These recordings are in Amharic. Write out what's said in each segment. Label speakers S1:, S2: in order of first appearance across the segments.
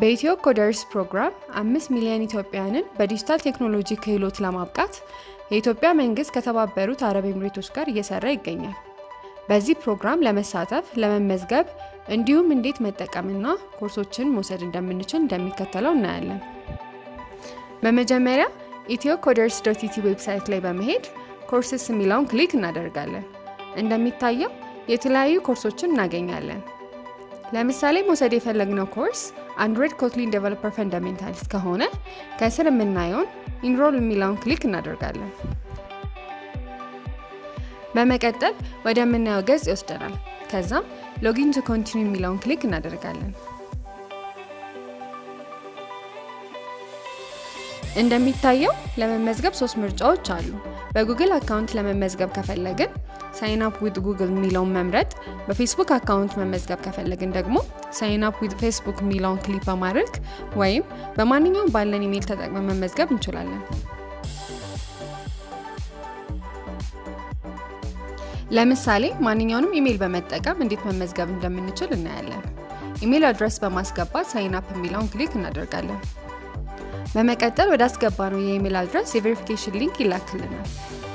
S1: በኢትዮ ኮደርስ ፕሮግራም አምስት ሚሊዮን ኢትዮጵያንን በዲጂታል ቴክኖሎጂ ክህሎት ለማብቃት የኢትዮጵያ መንግስት ከተባበሩት አረብ ኤምሬቶች ጋር እየሰራ ይገኛል። በዚህ ፕሮግራም ለመሳተፍ ለመመዝገብ፣ እንዲሁም እንዴት መጠቀምና ኮርሶችን መውሰድ እንደምንችል እንደሚከተለው እናያለን። በመጀመሪያ ኢትዮ ኮደርስ ዶት ኢቲ ዌብሳይት ላይ በመሄድ ኮርስስ የሚለውን ክሊክ እናደርጋለን። እንደሚታየው የተለያዩ ኮርሶችን እናገኛለን። ለምሳሌ መውሰድ የፈለግነው ኮርስ አንድሮይድ ኮትሊን ዴቨሎፐር ፈንዳሜንታልስ ከሆነ ከስር የምናየውን ኢንሮል የሚለውን ክሊክ እናደርጋለን። በመቀጠል ወደምናየው ገጽ ይወስደናል። ከዛም ሎጊን ቱ ኮንቲኒ የሚለውን ክሊክ እናደርጋለን። እንደሚታየው ለመመዝገብ ሶስት ምርጫዎች አሉ። በጉግል አካውንት ለመመዝገብ ከፈለግን ሳይን አፕ ጉግል የሚለውን መምረጥ፣ በፌስቡክ አካውንት መመዝገብ ከፈለግን ደግሞ ሳይን አፕ ፌስቡክ የሚለውን ክሊክ በማድረግ ወይም በማንኛውም ባለን ኢሜይል ተጠቅመን መመዝገብ እንችላለን። ለምሳሌ ማንኛውንም ኢሜይል በመጠቀም እንዴት መመዝገብ እንደምንችል እናያለን። ኢሜይል አድረስ በማስገባት ሳይን አፕ የሚለውን ክሊክ እናደርጋለን። በመቀጠል ወደ አስገባ ነው የኢሜል አድረስ የቬሪፊኬሽን ሊንክ ይላክልናል።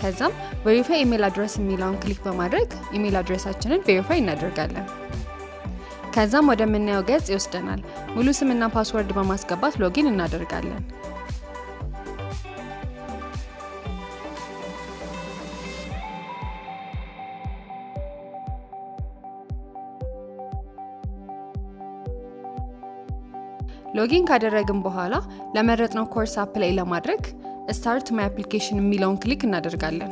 S1: ከዛም ቬሪፋይ ኢሜል አድረስ የሚለውን ክሊክ በማድረግ ኢሜል አድረሳችንን ቬሪፋይ እናደርጋለን። ከዛም ወደምናየው ገጽ ይወስደናል። ሙሉ ስምና ፓስወርድ በማስገባት ሎጊን እናደርጋለን። ሎጊን ካደረግን በኋላ ለመረጥነው ኮርስ አፕላይ ለማድረግ ስታርት ማይ አፕሊኬሽን የሚለውን ክሊክ እናደርጋለን።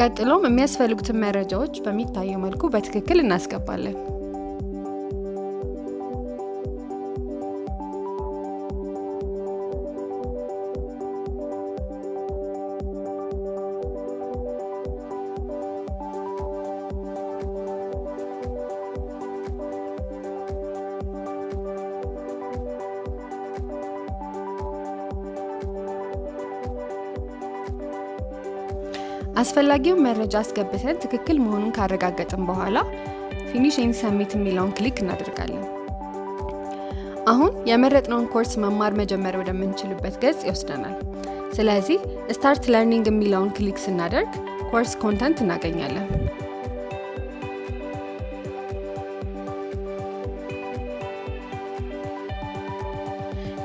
S1: ቀጥሎም የሚያስፈልጉትን መረጃዎች በሚታየው መልኩ በትክክል እናስገባለን። አስፈላጊውን መረጃ አስገብተን ትክክል መሆኑን ካረጋገጥን በኋላ ፊኒሽ ኤንድ ሰሚት የሚለውን ክሊክ እናደርጋለን። አሁን የመረጥነውን ኮርስ መማር መጀመር ወደምንችልበት ገጽ ይወስደናል። ስለዚህ ስታርት ለርኒንግ የሚለውን ክሊክ ስናደርግ ኮርስ ኮንተንት እናገኛለን።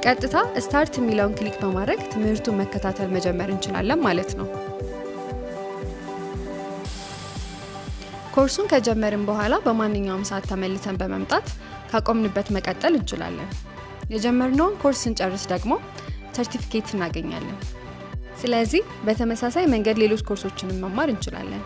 S1: ቀጥታ ስታርት የሚለውን ክሊክ በማድረግ ትምህርቱን መከታተል መጀመር እንችላለን ማለት ነው። ኮርሱን ከጀመርን በኋላ በማንኛውም ሰዓት ተመልሰን በመምጣት ካቆምንበት መቀጠል እንችላለን። የጀመርነውን ኮርስ ስንጨርስ ደግሞ ሰርቲፊኬት እናገኛለን። ስለዚህ በተመሳሳይ መንገድ ሌሎች ኮርሶችንም መማር እንችላለን።